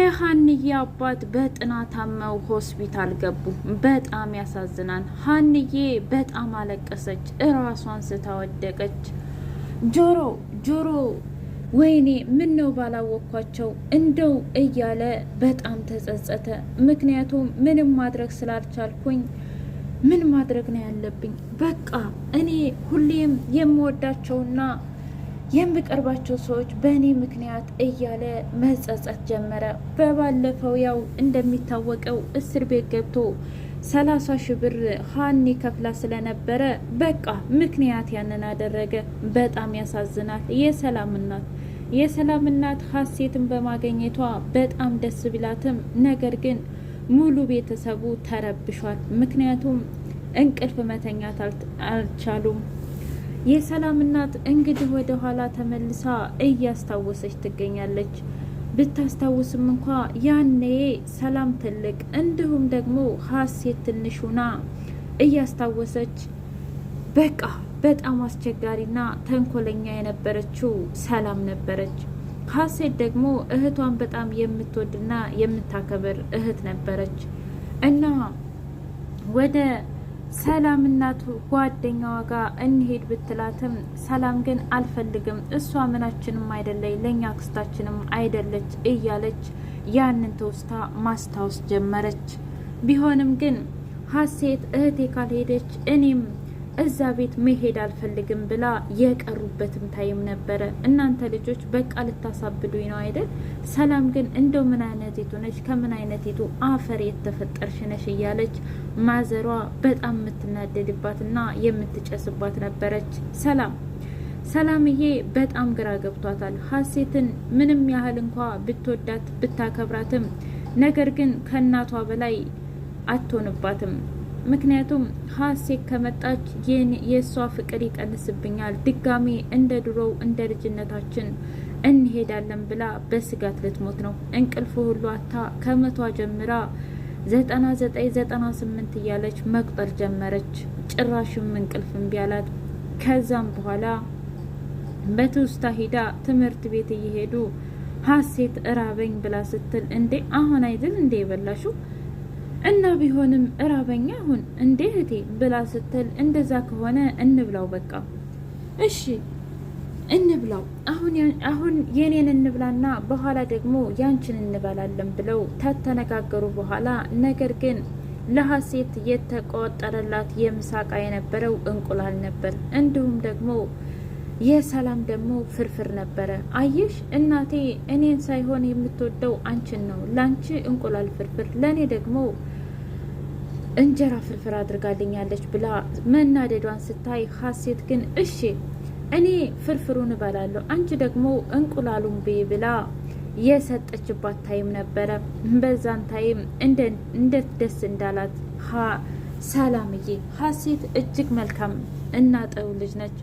የሀንዬ አባት በጥና ታመው ሆስፒታል ገቡ። በጣም ያሳዝናል። ሀንዬ በጣም አለቀሰች፣ እራሷን ስታወደቀች። ጆሮ ጆሮ ወይኔ ምን ነው ባላወቅኳቸው እንደው እያለ በጣም ተጸጸተ። ምክንያቱም ምንም ማድረግ ስላልቻልኩኝ ምን ማድረግ ነው ያለብኝ? በቃ እኔ ሁሌም የምወዳቸውና የምቀርባቸው ሰዎች በእኔ ምክንያት እያለ መጸጸት ጀመረ። በባለፈው ያው እንደሚታወቀው እስር ቤት ገብቶ ሰላሳ ሺህ ብር ሀኒ ከፍላ ስለነበረ በቃ ምክንያት ያንን አደረገ። በጣም ያሳዝናል። የሰላም እናት የሰላም እናት ሀሴትን በማገኘቷ በጣም ደስ ቢላትም፣ ነገር ግን ሙሉ ቤተሰቡ ተረብሿል። ምክንያቱም እንቅልፍ መተኛት አልቻሉም። የሰላም እናት እንግዲህ ወደ ኋላ ተመልሳ እያስታወሰች ትገኛለች። ብታስታውስም እንኳ ያኔ ሰላም ትልቅ እንዲሁም ደግሞ ሀሴት ትንሽ እያስታወሰች በቃ በጣም አስቸጋሪና ተንኮለኛ የነበረችው ሰላም ነበረች። ሀሴት ደግሞ እህቷን በጣም የምትወድና የምታከብር እህት ነበረች እና ወደ ሰላም እናቱ ጓደኛዋ ጋር እንሄድ ብትላትም ሰላም ግን አልፈልግም፣ እሷ ምናችንም አይደለች፣ ለእኛ ክስታችንም አይደለች እያለች ያንን ተውስታ ማስታወስ ጀመረች። ቢሆንም ግን ሀሴት እህቴ ካልሄደች እኔም እዛ ቤት መሄድ አልፈልግም ብላ የቀሩበትም ታይም ነበረ። እናንተ ልጆች በቃ ልታሳብዱኝ ነው አይደል? ሰላም ግን እንደው ምን አይነት ቱ ነች ከምን አይነት ቱ አፈር የተፈጠርሽ ነሽ እያለች ማዘሯ በጣም የምትናደድባትና የምትጨስባት ነበረች። ሰላም ሰላምዬ በጣም ግራ ገብቷታል። ሀሴትን ምንም ያህል እንኳ ብትወዳት ብታከብራትም ነገር ግን ከእናቷ በላይ አትሆንባትም። ምክንያቱም ሀሴት ከመጣች የእሷ ፍቅር ይቀንስብኛል፣ ድጋሜ እንደ ድሮው እንደ ልጅነታችን እንሄዳለን ብላ በስጋት ልትሞት ነው። እንቅልፍ ሁሉ አታ ከመቷ ጀምራ ዘጠና ዘጠኝ ዘጠና ስምንት እያለች መቁጠር ጀመረች። ጭራሽም እንቅልፍ እምቢ አላት። ከዛም በኋላ በትውስታ ሂዳ ትምህርት ቤት እየሄዱ ሀሴት እራበኝ ብላ ስትል እንዴ አሁን አይደል እንዴ የበላሹ እና ቢሆንም እራበኛ አሁን እንዴ እህቴ ብላ ስትል እንደዛ ከሆነ እንብላው በቃ እሺ እንብላው አሁን የኔን እንብላና በኋላ ደግሞ ያንችን እንበላለን ብለው ከተነጋገሩ በኋላ ነገር ግን ለሀሴት የተቆጠረላት የምሳቃ የነበረው እንቁላል ነበር። እንዲሁም ደግሞ የሰላም ደግሞ ፍርፍር ነበረ። አየሽ እናቴ፣ እኔን ሳይሆን የምትወደው አንቺን ነው። ለአንቺ እንቁላል ፍርፍር፣ ለእኔ ደግሞ እንጀራ ፍርፍር አድርጋልኛለች ብላ መናደዷን ስታይ ሀሴት ግን እሺ እኔ ፍርፍሩን እበላለሁ አንቺ ደግሞ እንቁላሉን ብይ ብላ የሰጠችባት ታይም ነበረ። በዛን ታይም እንደት ደስ እንዳላት ሰላምዬ። ሀሴት እጅግ መልካም እና ጥሩ ልጅ ነች።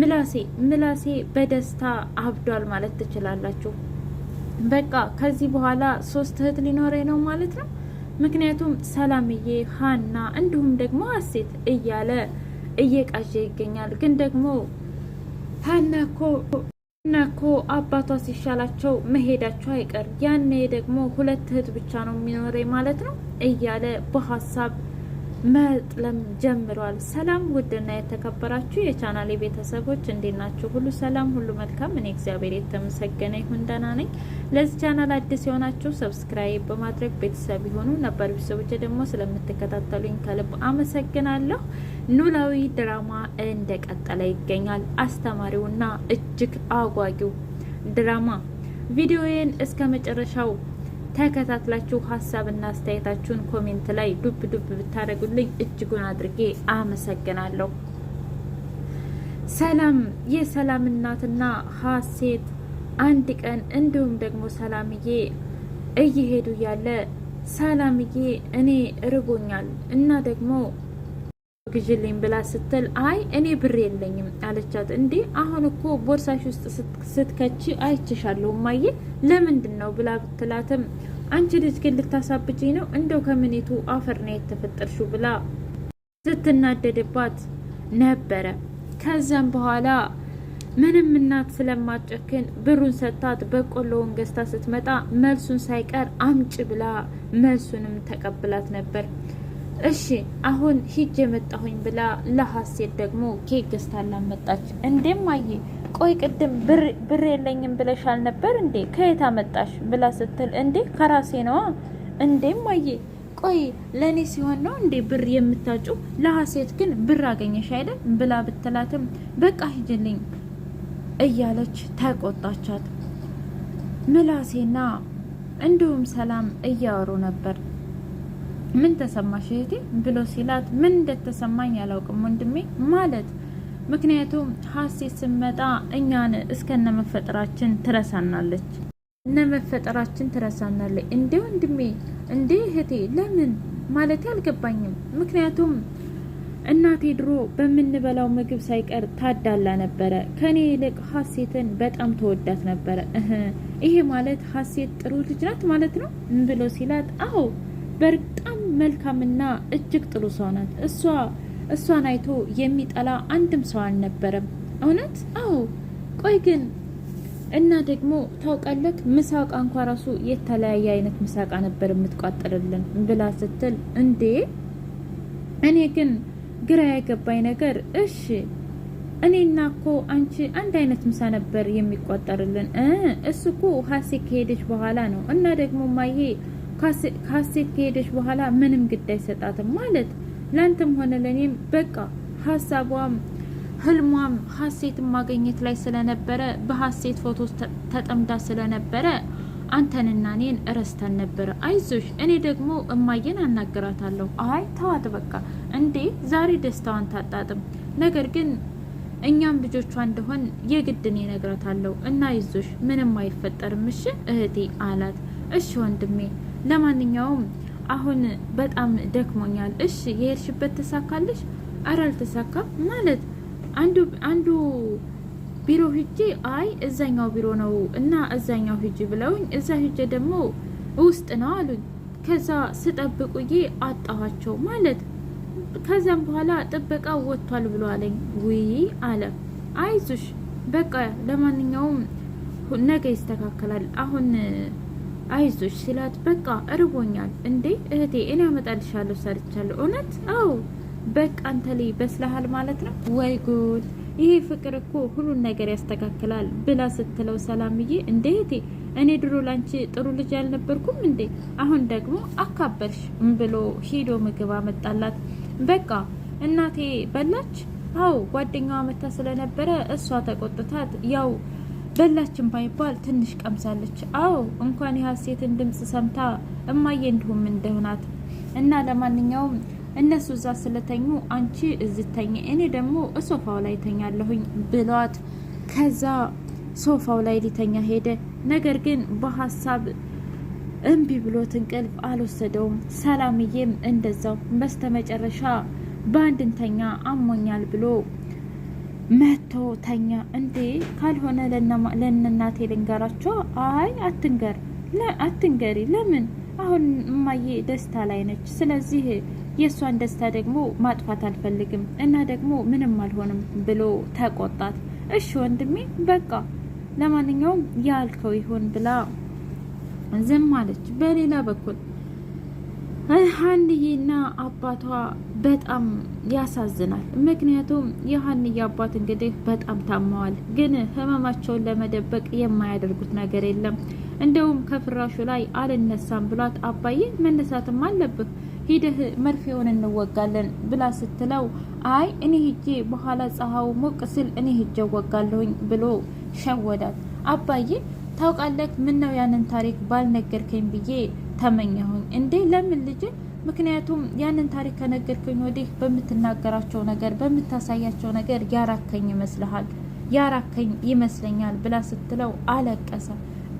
ምላሴ ምላሴ በደስታ አብዷል ማለት ትችላላችሁ። በቃ ከዚህ በኋላ ሶስት እህት ሊኖረኝ ነው ማለት ነው ምክንያቱም ሰላምዬ፣ ሀና እንዲሁም ደግሞ አሴት እያለ እየቃዠ ይገኛል። ግን ደግሞ ሀናኮ እኮ አባቷ ሲሻላቸው መሄዳቸው አይቀር፣ ያኔ ደግሞ ሁለት እህት ብቻ ነው የሚኖረኝ ማለት ነው እያለ በሀሳብ መጥለም ጀምሯል። ሰላም ውድና የተከበራችሁ የቻናሌ ቤተሰቦች እንዴት ናችሁ? ሁሉ ሰላም፣ ሁሉ መልካም። እኔ እግዚአብሔር የተመሰገነ ይሁን ደህና ነኝ። ለዚህ ቻናል አዲስ የሆናችሁ ሰብስክራይብ በማድረግ ቤተሰብ የሆኑ ነባር ቤተሰቦች ደግሞ ስለምትከታተሉኝ ከልብ አመሰግናለሁ። ኖላዊ ድራማ እንደቀጠለ ይገኛል። አስተማሪውና እጅግ አጓጊው ድራማ ቪዲዮዬን እስከ መጨረሻው ተከታትላችሁ ሀሳብና አስተያየታችሁን ኮሜንት ላይ ዱብ ዱብ ብታደርጉልኝ እጅጉን አድርጌ አመሰግናለሁ። ሰላም የሰላም እናትና ሀሴት አንድ ቀን እንዲሁም ደግሞ ሰላምዬ እየሄዱ ያለ ሰላምዬ እኔ እርቦኛል እና ደግሞ ግዥልኝ ብላ ስትል አይ እኔ ብር የለኝም አለቻት። እንዴ አሁን እኮ ቦርሳሽ ውስጥ ስትከቺ አይችሻለሁ እማዬ ለምንድን ነው ብላ ብትላትም አንቺ ልጅ ግን ልታሳብጭኝ ነው እንደው ከምኔቱ አፈር ነው የተፈጠርሽው ብላ ስትናደድባት ነበረ። ከዚያም በኋላ ምንም እናት ስለማጨክን ብሩን ሰጥታት በቆሎውን ገዝታ ስትመጣ መልሱን ሳይቀር አምጭ ብላ መልሱንም ተቀብላት ነበር። እሺ አሁን ሂጅ የመጣሁኝ ብላ ለሀሴት ደግሞ ኬክ ገዝታላ መጣች። እንዴም አየ ቆይ ቅድም ብር የለኝም ብለሽ አልነበር እንዴ ከየት አመጣሽ ብላ ስትል እንዴ ከራሴ ነዋ። እንዴም አየ ቆይ ለእኔ ሲሆን ነው እንዴ ብር የምታጩ? ለሀሴት ግን ብር አገኘሽ አይደል ብላ ብትላትም በቃ ሂጅልኝ እያለች ተቆጣቻት። ምላሴና እንዲሁም ሰላም እያወሩ ነበር። ምን ተሰማሽ እህቴ ብሎ ሲላት ምን እንደተሰማኝ አላውቅም ወንድሜ ማለት ምክንያቱም ሀሴት ስመጣ እኛን እስከነ መፈጠራችን ትረሳናለች፣ እነ መፈጠራችን ትረሳናለች። እንዴ ወንድሜ፣ እንዴ እህቴ፣ ለምን ማለት አልገባኝም። ምክንያቱም እናቴ ድሮ በምንበላው ምግብ ሳይቀር ታዳላ ነበረ። ከኔ ይልቅ ሀሴትን በጣም ተወዳት ነበረ። ይሄ ማለት ሀሴት ጥሩ ልጅ ናት ማለት ነው ብሎ ሲላት፣ አዎ በጣም መልካምና እጅግ ጥሩ ሰው ናት። እሷ እሷን አይቶ የሚጠላ አንድም ሰው አልነበረም። እውነት? አዎ። ቆይ ግን እና ደግሞ ታውቃለህ፣ ምሳቃ እንኳ ራሱ የተለያየ አይነት ምሳቃ ነበር የምትቋጠርልን ብላ ስትል፣ እንዴ እኔ ግን ግራ የገባኝ ነገር እሺ፣ እኔና እኮ አንቺ አንድ አይነት ምሳ ነበር የሚቋጠርልን። እሱ እኮ ሀሴ ከሄደች በኋላ ነው። እና ደግሞ ማዬ ካሴት ከሄደች በኋላ ምንም ግድ አይሰጣትም ማለት ለአንተም ሆነ ለእኔም በቃ ሀሳቧም ህልሟም ሀሴት ማግኘት ላይ ስለነበረ በሀሴት ፎቶ ተጠምዳ ስለነበረ አንተንና እኔን እረስተን ነበረ። አይዞሽ፣ እኔ ደግሞ እማየን አናግራታለሁ። አይ ተዋት በቃ እንዴ፣ ዛሬ ደስታዋን ታጣጥም። ነገር ግን እኛም ልጆቿ እንደሆን የግድ እኔ እነግራታለሁ እና አይዞሽ፣ ምንም አይፈጠርም እሺ እህቴ አላት። እሺ ወንድሜ፣ ለማንኛውም አሁን በጣም ደክሞኛል። እሺ የሄድሽበት ትሳካለሽ? አረ አልተሳካም ማለት አንዱ አንዱ ቢሮ ሂጄ አይ እዛኛው ቢሮ ነው እና እዛኛው ሂጂ ብለውኝ እዛ ሂጄ ደግሞ ውስጥ ነው አሉኝ። ከዛ ስጠብቁዬ አጣኋቸው ማለት ከዛም በኋላ ጥበቃ ወጥቷል ብሎ አለኝ። ውይ አለ አይዞሽ፣ በቃ ለማንኛውም ነገ ይስተካከላል አሁን አይዞች ሲላት በቃ እርቦኛል እንዴ እህቴ እኔ አመጣልሻለሁ ሰርቻለሁ እውነት አዎ በቃ አንተ ላይ በስለሃል ማለት ነው ወይ ጉድ ይሄ ፍቅር እኮ ሁሉን ነገር ያስተካክላል ብላ ስትለው ሰላምዬ እንዴ እህቴ እኔ ድሮ ላንቺ ጥሩ ልጅ አልነበርኩም እንዴ አሁን ደግሞ አካበርሽ ብሎ ሄዶ ምግብ አመጣላት በቃ እናቴ በላች አዎ ጓደኛዋ መታ ስለነበረ እሷ ተቆጥታት ያው በላችን ባይባል ትንሽ ቀምሳለች። አዎ እንኳን የሀሴትን ድምፅ ሰምታ እማዬ እንዲሁም እንደሆናት እና ለማንኛውም እነሱ እዛ ስለተኙ አንቺ እዝተኝ እኔ ደግሞ ሶፋው ላይ ተኛለሁኝ ብሏት ከዛ ሶፋው ላይ ሊተኛ ሄደ። ነገር ግን በሀሳብ እምቢ ብሎት እንቅልፍ አልወሰደውም። ሰላምዬም እንደዛው በስተመጨረሻ በአንድንተኛ አሞኛል ብሎ መቶ ተኛ እንዴ ካልሆነ ለእናቴ ልንገራቸው አይ አትንገር አትንገሪ ለምን አሁን እማዬ ደስታ ላይ ነች ስለዚህ የእሷን ደስታ ደግሞ ማጥፋት አልፈልግም እና ደግሞ ምንም አልሆንም ብሎ ተቆጣት እሺ ወንድሜ በቃ ለማንኛውም ያልከው ይሁን ብላ ዝም አለች በሌላ በኩል ሀንዬና አባቷ በጣም ያሳዝናል። ምክንያቱም የሀንዬ አባት እንግዲህ በጣም ታመዋል፣ ግን ህመማቸውን ለመደበቅ የማያደርጉት ነገር የለም። እንደውም ከፍራሹ ላይ አልነሳም ብሏት አባዬ መነሳትም አለብህ ሂደህ መርፌውን እንወጋለን ብላ ስትለው አይ እኔ ሂጄ በኋላ ፀሐዩ ሞቅ ስል እኔ ሂጄ እወጋለሁኝ ብሎ ሸወዳል። አባዬ ታውቃለህ፣ ምን ነው ያንን ታሪክ ባልነገርከኝ ብዬ ተመኘሁኝ። እንዴ ለምን ልጅ? ምክንያቱም ያንን ታሪክ ከነገርከኝ ወዲህ በምትናገራቸው ነገር፣ በምታሳያቸው ነገር ያራከኝ ይመስልሃል ያራከኝ ይመስለኛል ብላ ስትለው አለቀሰ።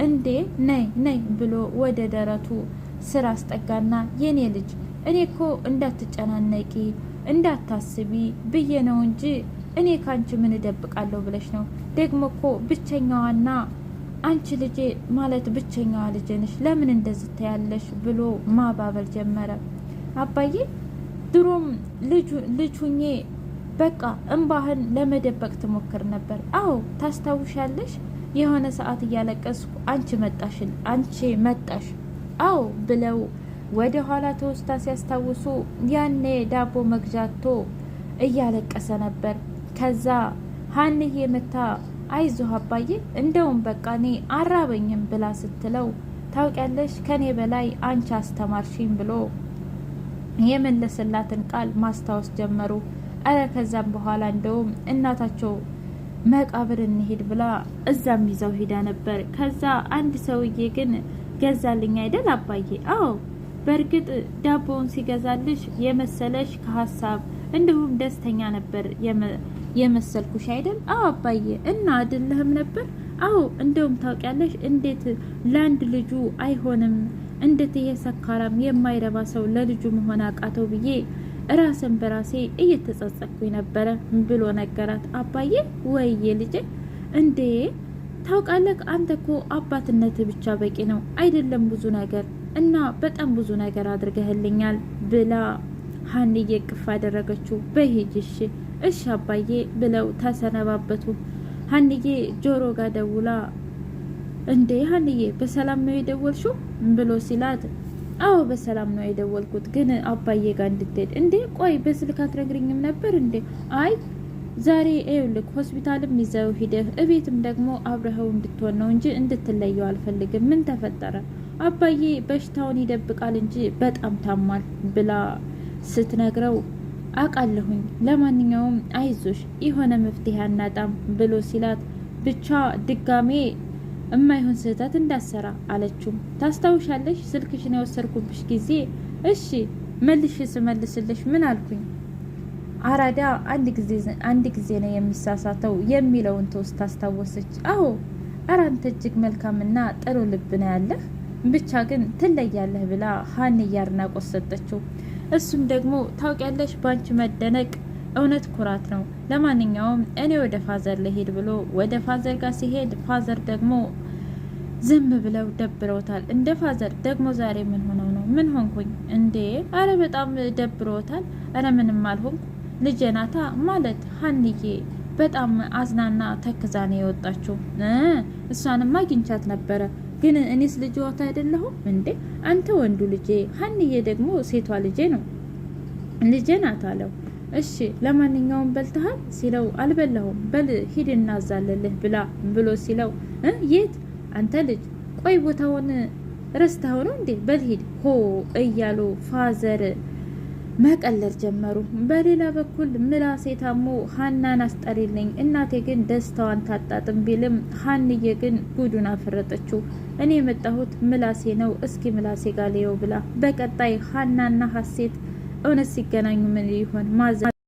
እንዴ ነይ ነይ ብሎ ወደ ደረቱ ስር አስጠጋና የኔ ልጅ እኔ እኮ እንዳትጨናነቂ እንዳታስቢ ብዬ ነው እንጂ እኔ ካንቺ ምን እደብቃለሁ ብለሽ ነው ደግሞ እኮ ብቸኛዋና አንቺ ልጄ ማለት ብቸኛዋ ልጄ ነሽ፣ ለምን እንደዚህ ታያለሽ ብሎ ማባበል ጀመረ። አባዬ ድሮም ልጅ በቃ እምባህን ለመደበቅ ትሞክር ነበር። አዎ ታስታውሻለሽ? የሆነ ሰዓት እያለቀስኩ አንቺ መጣሽን አንቺ መጣሽ አዎ ብለው ወደ ኋላ ተወስታ ሲያስታውሱ ያኔ ዳቦ መግዣቶ እያለቀሰ ነበር። ከዛ ሀንዬ መታ አይዞህ አባዬ እንደውም በቃ እኔ አራበኝም ብላ ስትለው ታውቂያለሽ ከኔ በላይ አንቺ አስተማርሽኝ ብሎ የመለስላትን ቃል ማስታወስ ጀመሩ። አረ ከዛም በኋላ እንደውም እናታቸው መቃብር እንሄድ ብላ እዛም ይዘው ሄዳ ነበር። ከዛ አንድ ሰውዬ ግን ገዛልኝ አይደል አባዬ? አዎ በእርግጥ ዳቦውን ሲገዛልሽ የመሰለሽ ከሀሳብ እንዲሁም ደስተኛ ነበር የመሰልኩሽ አይደል? አዎ አባዬ። እና አይደለህም ነበር? አዎ። እንደውም ታውቂያለሽ፣ እንዴት ለአንድ ልጁ አይሆንም እንዴት ይሄ ሰካራም የማይረባ ሰው ለልጁ መሆን አቃተው ብዬ ራስን በራሴ እየተጸጸኩኝ ነበረ ብሎ ነገራት። አባዬ ወይ ልጄ እንዴ ታውቃለህ፣ አንተ እኮ አባትነትህ ብቻ በቂ ነው አይደለም? ብዙ ነገር እና በጣም ብዙ ነገር አድርገህልኛል ብላ ሀንዬ ቅፍ አደረገችው። በሂጅሽ እሺ አባዬ ብለው ተሰነባበቱ። ሀንዬ ጆሮ ጋር ደውላ እንዴ ሀንዬ በሰላም ነው የደወልሽው ብሎ ሲላት አዎ በሰላም ነው የደወልኩት፣ ግን አባዬ ጋር እንድትሄድ። እንዴ ቆይ በስልክ አትነግርኝም ነበር እንዴ? አይ ዛሬ ይኸውልህ ሆስፒታልም ይዘው ሂደህ እቤትም ደግሞ አብረኸው እንድትሆን ነው እንጂ እንድትለየው አልፈልግም። ምን ተፈጠረ? አባዬ በሽታውን ይደብቃል እንጂ በጣም ታሟል ብላ ስትነግረው አውቃለሁኝ። ለማንኛውም አይዞሽ የሆነ መፍትሄ አናጣም ብሎ ሲላት ብቻ ድጋሜ እማይሆን ስህተት እንዳሰራ አለችው። ታስታውሻለሽ ስልክሽን የወሰድኩብሽ ጊዜ? እሺ መልሽ ስመልስልሽ ምን አልኩኝ? አራዳ አንድ ጊዜ ነው የሚሳሳተው የሚለውን ተውስ ታስታወሰች። አዎ አራንተ እጅግ መልካምና ጥሩ ልብ ነው ያለህ፣ ብቻ ግን ትለያለህ ብላ ሀን አድናቆት ሰጠችው። እሱም ደግሞ ታውቂያለሽ፣ ባንቺ መደነቅ እውነት ኩራት ነው። ለማንኛውም እኔ ወደ ፋዘር ልሄድ ብሎ ወደ ፋዘር ጋር ሲሄድ ፋዘር ደግሞ ዝም ብለው ደብረውታል። እንደ ፋዘር ደግሞ ዛሬ ምን ሆነው ነው? ምን ሆንኩኝ እንዴ? አረ በጣም ደብረውታል። አረ ምንም አልሆንኩ ልጀናታ ማለት ሀንዬ በጣም አዝናና ተክዛኔ የወጣችው እሷንም አግኝቻት ነበረ ግን እኔስ ልጅዋት አይደለሁም እንዴ? አንተ ወንዱ ልጄ፣ ሀንዬ ደግሞ ሴቷ ልጄ ነው ልጄ ናት አለው። እሺ ለማንኛውም በልተሃል ሲለው አልበላሁም፣ በል ሂድ እናዛለልህ ብላ ብሎ ሲለው የት አንተ ልጅ፣ ቆይ ቦታውን ረስታ ነው እንዴ? በል ሂድ ሆ እያሉ ፋዘር መቀለል ጀመሩ። በሌላ በኩል ምላሴ ታሞ ሀናን አስጠሪልኝ እናቴ ግን ደስታዋን ታጣጥም ቢልም ሀንዬ ግን ጉዱን አፈረጠችው። እኔ የመጣሁት ምላሴ ነው እስኪ ምላሴ ጋር ልየው ብላ በቀጣይ ሀናና ሀሴት እውነት ሲገናኙ ምን ይሆን ማዘ